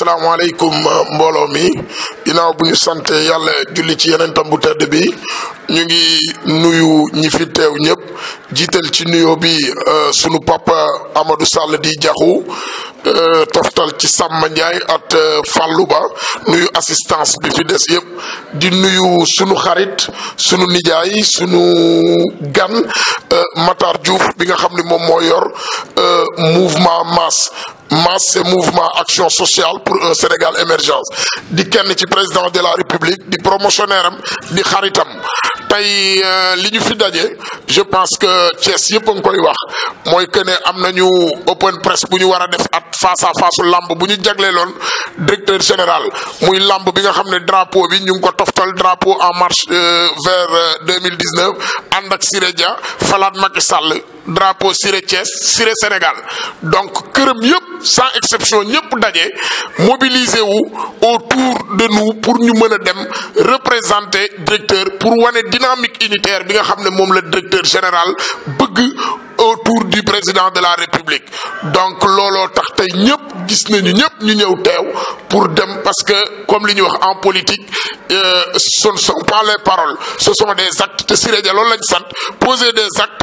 salaamaaleykum uh, mbooloo mi inaaw bu ñu sant yàlla julli ci yeneen tam bu tedd bi ñu ngi nuyu ñi fi teew ñëpp jiital ci nuyoo bi uh, sunu papa Amadou Sall di jaxu uh, toftal ci Samba Ndiaye at Fallou Ba nuyu assistance bi fi des yëpp di nuyu sunu xarit sunu nijaay sunu gan Matar Diouf bi nga xam ni moom moo yor mouvement masse masse mouvement action sociale pour un Sénégal émergence di kenn ci président de la république di promotionnaire di xaritam tay euh, liñu fi dajé je pense que c'est yep a koy wax moy que né amnañu open press buñu wara def at face à face lamb buñu ñu lon directeur général muy lamb bi nga xamné drapeau bi ñu ko toftal drapeau en marche euh, vers 2019, euh, Andak dix-neuf ànd Sall drapeau Siré Thiès Siré Sénégal donc këram sans exception ñëpp dajé mobilisez-vous autour de nous pour nous mener représenter directeur pour une dynamique unitaire bi nga xam le directeur général bëgg autour du président de la république donc lolo tax tey ñëpp gis nañu nous ñu ñëw pour dem parce que comme li en politique euh, ce ne sont pas les paroles ce sont des actes c'est Siré poser des actes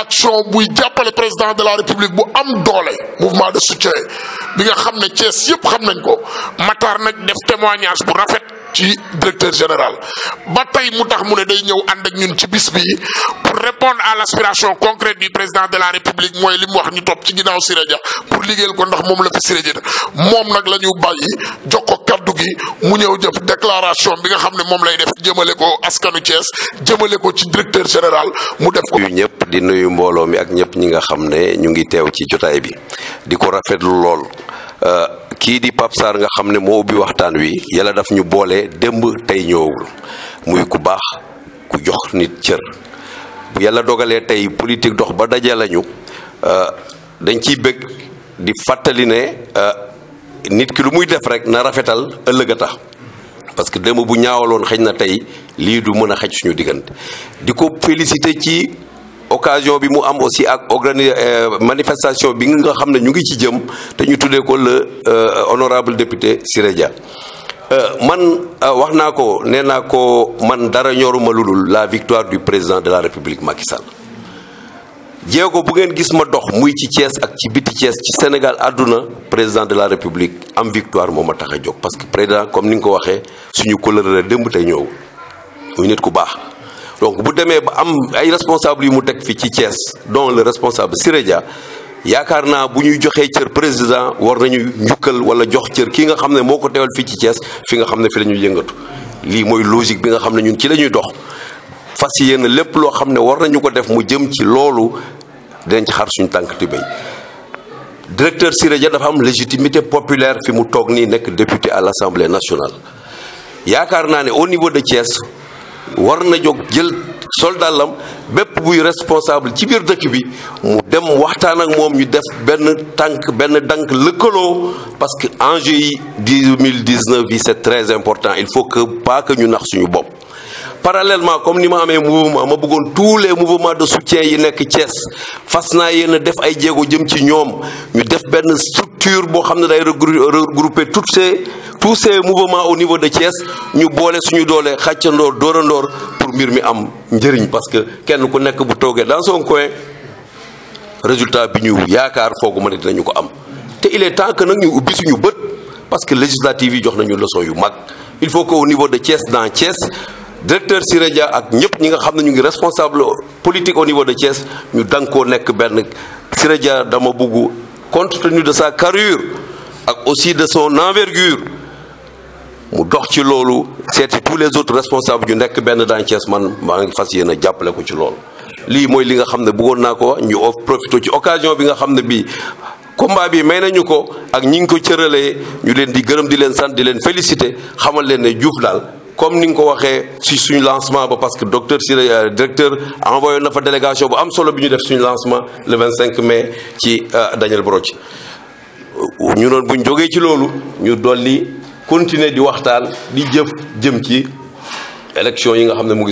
action bu jàppale président de la république bu am doole mouvement de soutien bi nga xam ci Thiès yëpp xam nañ ko Matar nak def témoignage bu rafet ci directeur général ba tay mu tax mu ne day ñëw and ak ñun ci bis bi pour répondre à l'aspiration concrète du président de la république moy limu wax ñu top ci ginnaaw Siré pour liguel ko ndax mom la fi Siré mom nak lañu bayyi ñu jox ko kaddu gi mu ñëw jëf déclaration bi nga xam ne moom lay def jëmale ko askanu Thiès jëmale ko ci directeur général mu def ko. yu ñëpp di nuyu mbooloo mi ak ñëpp ñi nga xam ne ñu ngi teew ci jotaay bi di ko rafetlu lool. Euh, kii di Pape nga xam ne moo ubbi waxtaan wi yàlla daf ñu boole démb tey ñëwul muy ku baax ku jox nit cër bu yàlla dogalee tey politique dox ba daje lañu euh, dañ ci bëgg di fàttali ne. Euh, nit ki lu muy def rek na rafetal ëllëg a tax parce que démb bu ñaawaloon xëy na tey lii du mën a xëj suñu diggante di ko félicité ci occasion bi mu am aussi ak organi euh, manifestation bi nga xam ne ñu ngi ci jëm te ñu tuddee ko le euh, honorable député Siré Dia euh, man wax naa ko nee naa ko man dara ñoruma ludul la victoire du président de la république Macky Sall jéego bu ngeen gis ma dox muy ci cees ak ci biti Thiès ci Sénégal àdduna président de la république am victoire moom ma tax a jóg parce que président comme ni nga ko waxee suñu couleur la démb te ñëw muy nit ku baax. donc bu demee ba am ay responsable yu mu teg fi ci cees donc le responsable Siré Dia yaakaar naa bu ñuy joxee cër président war nañu njukkal wala jox cër ki nga xam ne moo ko teewal fii ci cees fi nga xam ne fi la ñuy yëngatu lii mooy logique bi nga xam ne ñun ci la ñuy dox. fas yéene lépp loo xam ne war nañu ko def mu jëm ci loolu denc ci xar suñu tànk tubéy directeur Siré Dia dafa am légitimité populaire fi mu toog nii nekk député à l'Assemblée nationale yaakaar naa ne au niveau de Thiès war na jóg jël soldalam bépp buy responsable ci biir dëkk bi mu dem waxtaan ak moom ñu def benn tànk benn dànk lëkkaloo parce que enjeu yi 2019 yi c'est très important il faut que pas que ñu nax suñu bopp parallèlement comme ni ma amé mouvement ma bëggoon tous les mouvements de soutien yi nek Thiès fasna naa def ay djégo djëm ci ñom ñu def ben structure bo xam day regrouper toutes ces tous ces mouvements au niveau de Thiès ñu bolé suñu doolé xàccandoor dorandor pour mbir mi am njëriñ parce que kenn ku nek bu togué dans son coin résultat bi ñu yaakar fooguma ne dinañu ko am té il est temps que nak ñu ubbi suñu bët parce que législative yi jox nañu leçon yu mag il faut que au niveau de Thiès dans Thiès directeur Siré Dia ak ñëpp ñi nga xam ne ñu ngi responsable politique au niveau de Thiès ñu danga koo nekk benn Siré Dia dama bugg compte de sa carrure ak aussi de son envergure mu dox ci loolu seeti tous les autres responsables ñu nekk benn dans Thiès man maa ngi fas yéene jàppale ko ci loolu. lii mooy li nga xam ne bëggoon naa ko ñu profité ci occasion bi nga xam ne bii combat bi may nañu ko ak ñi ngi ko cëralee ñu leen di gërëm di leen sant di leen félicité xamal leen ne Diouf daal. comme nous avons dit, lancement parce que docteur le euh, directeur envoyé une délégation bu am solo un lancement le 25 mai est euh, Daniel Broch Nous allons continuer à ci nous devons continuer à faire di jëf jëm ci élection yi nga mu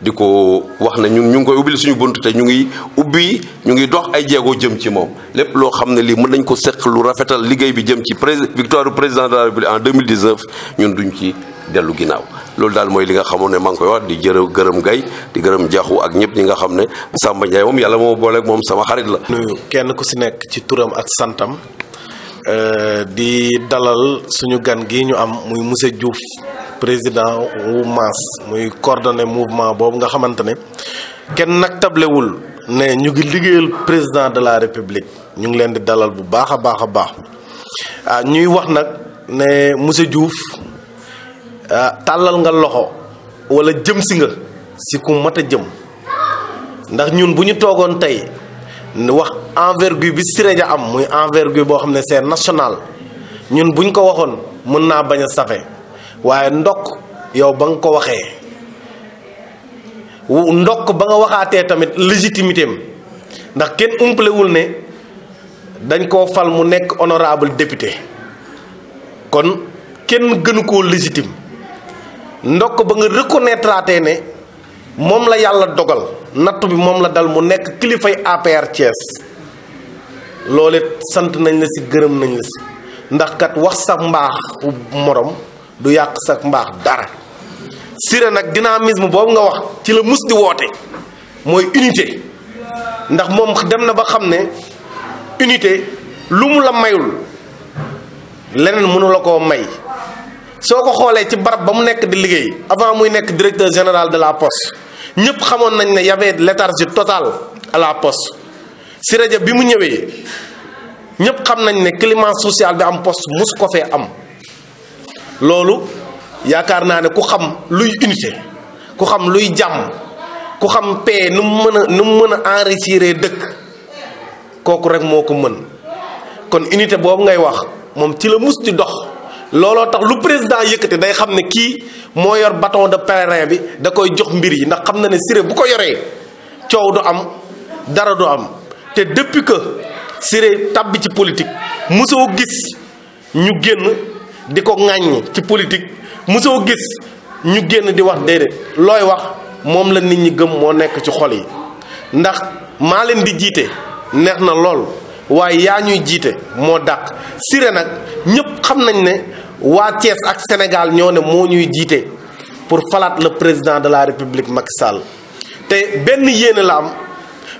di ko wax na ñun ñu ngi koy ubbil suñu bunt te ñu ngi ubbi ñu ngi dox ay jéego jëm ci moom lépp loo xam ne lii mën nañ ko seq lu rafetal liggéey bi jëm ci prési victoire président de la république en 2019 ñun duñ ci dellu ginnaaw loolu daal mooy li nga xamoon ne maa ngi koy wax di jërë gërëm gay di gërëm jaxu ak ñëpp ñi nga xam ne Samba Ndiaye moom yàlla moo booleeg moom sama xarit la. nuyu kenn ku si nekk ci turam ak santam euh, di dalal suñu gan gi ñu am muy monsieur Diouf. président wu MAS muy coordonné mouvement boobu nga xamante ne kenn nag tablewul ne ñu ngi liggéeyal président de la république ñu ngi leen di dalal bu baax a baax a baax ah ñuy wax nag ne monsieur Diouf ah tàllal nga loxo wala jëm si nga si ku mat a jëm ndax ñun bu ñu toogoon tey wax envergure bi Siré Dia am muy envergure boo xam ne c'est national ñun buñ ko waxoon mën naa bañ a safe waye ndok yow bang ko ko wu ndok ba nga waxaatee tamit légitimité ndax ken umplé wul né dañ ko fal mu nek honorable député kon ken gënu ko légitime ndok ba nga reconnaître né mom la yalla dogal natt bi mom la dal mu nek kilifay APR Thiès lolé sant nañ la si gërëm nañ la si ndax kat wax sax mbax morom du yàq sa mbaax dara sira nag dynamisme boobu nga wax ci la mus di woote mooy unité ndax moom dem na ba xam ne unité lu mu la mayul leneen mënula koo may soo ko xoolee ci barab ba mu nekk di liggéey avant muy nekk directeur général de la poste ñëpp xamoon nañ ne y avait léthargie totale à la poste Siré Dia bi mu ñëwee ñëpp xam nañ ne climat social bi am poste mus ko fee am loolu yaakaar naa ne ku xam luy unité ku xam luy jàmm ku xam paix nu mu mën a nu mu mën a enrichir dëkk kooku rek moo ko mën kon unité boobu ngay wax moom ci la mus di dox looloo tax lu président yëkkate day xam ne kii moo yor bâton de pèlerin bi da koy jox mbir yi ndax xam na ne Siré bu ko yoree coow du am dara du am te dëppi que Siré tàbbi ci politique mosoo gis ñu génn di ko ŋàññi ci politique mosoo gis ñu génn di wax déedéet looy wax moom la nit ñi gëm moo nekk ci xol yi ndax maa leen di jiite neex na lool waaye yaa ñuy jiite moo dàq Siré nag ñëpp xam nañ ne waa cees ak Sénégal ñoo ne moo ñuy jiite pour falaat la président de la république Macky Sall te benn yéene la am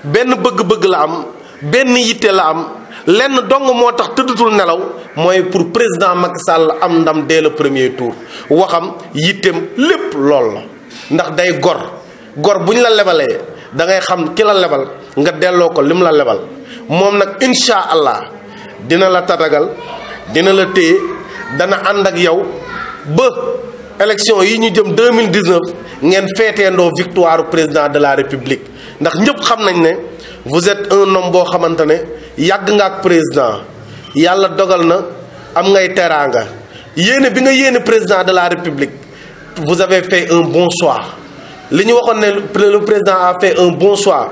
benn bëgg-bëgg la am benn yitte la am. lenn dong moo tax nelaw C'est pour président Macky Sall dès le premier tour waxam ndax day gor gor la da ngay xam ki la lebal nga la lebal dina la tatagal dina la dana yow ba élection yi ñu jëm 2019 victoire président de la république ndax xam vous êtes un homme boo yàgg nga ak président yàlla dogal na am ngay teraanga yéene bi nga yéene président de la république vous avez fait un bon choix li ñu waxoon ne le président a fait un bon choix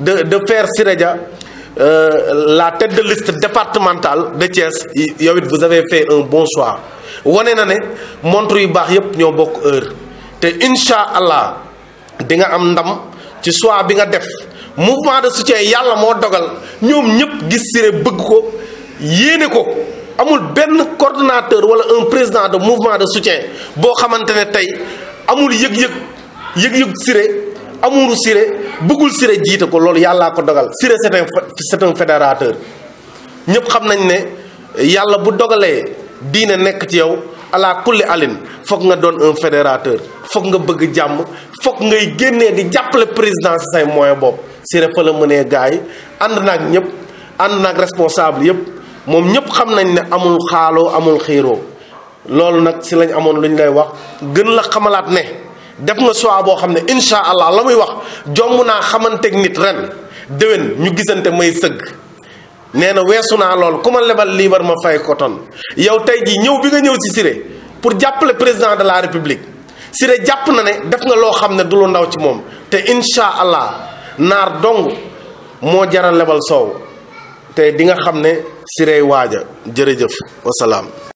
de de faire Sirédia euh, la tête de liste départementale de Thiès yow it vous avez fait un bon choix wane na ne montre yu baax yépp ñoo bokk heure te incha allah di nga am ndam ci choix bi nga def. mouvement de soutien yàlla moo dogal ñoom ñëpp gis Siré bëgg ko yéene ko amul benn cordinateur wala un président de mouvement de soutien boo xamante ne tey amul yëg-yëg yëg-yëg Siré amuru Siré bëggul sire jiite ko loolu yàllaa ko dogal sire c'est un c'est un fédérateur ñëpp xam nañ ne yàlla bu dogalee diine nekk ci yow ala kulli alin foog nga doon un fédérateur foog nga bëgg jàmm foog ngay génnee di jàppale président si say moyen bopp Siré fa la mënee gars yi ànd naag ñëpp ànd naag responsable yëpp moom ñëpp xam nañ ne amul xaaloo amul xiiroo loolu nag si lañ amoon lu ñu lay wax gën la xamalaat ne def nga choix boo xam ne incha allah la muy wax jomm naa xamanteeg nit ren déwén ñu gisante may sëgg. nee na weesu naa lool ku ma lebal liibar ma fay ko yow tey ji ñëw bi nga ñëw si Siré pour jàppale président de la république Siré jàpp na ne def nga loo xam ne du lu ndaw ci moom te incha allah. naar dong moo jara lebal soow te dinga nga xam ne sirey waaja jërëjëf wasalaam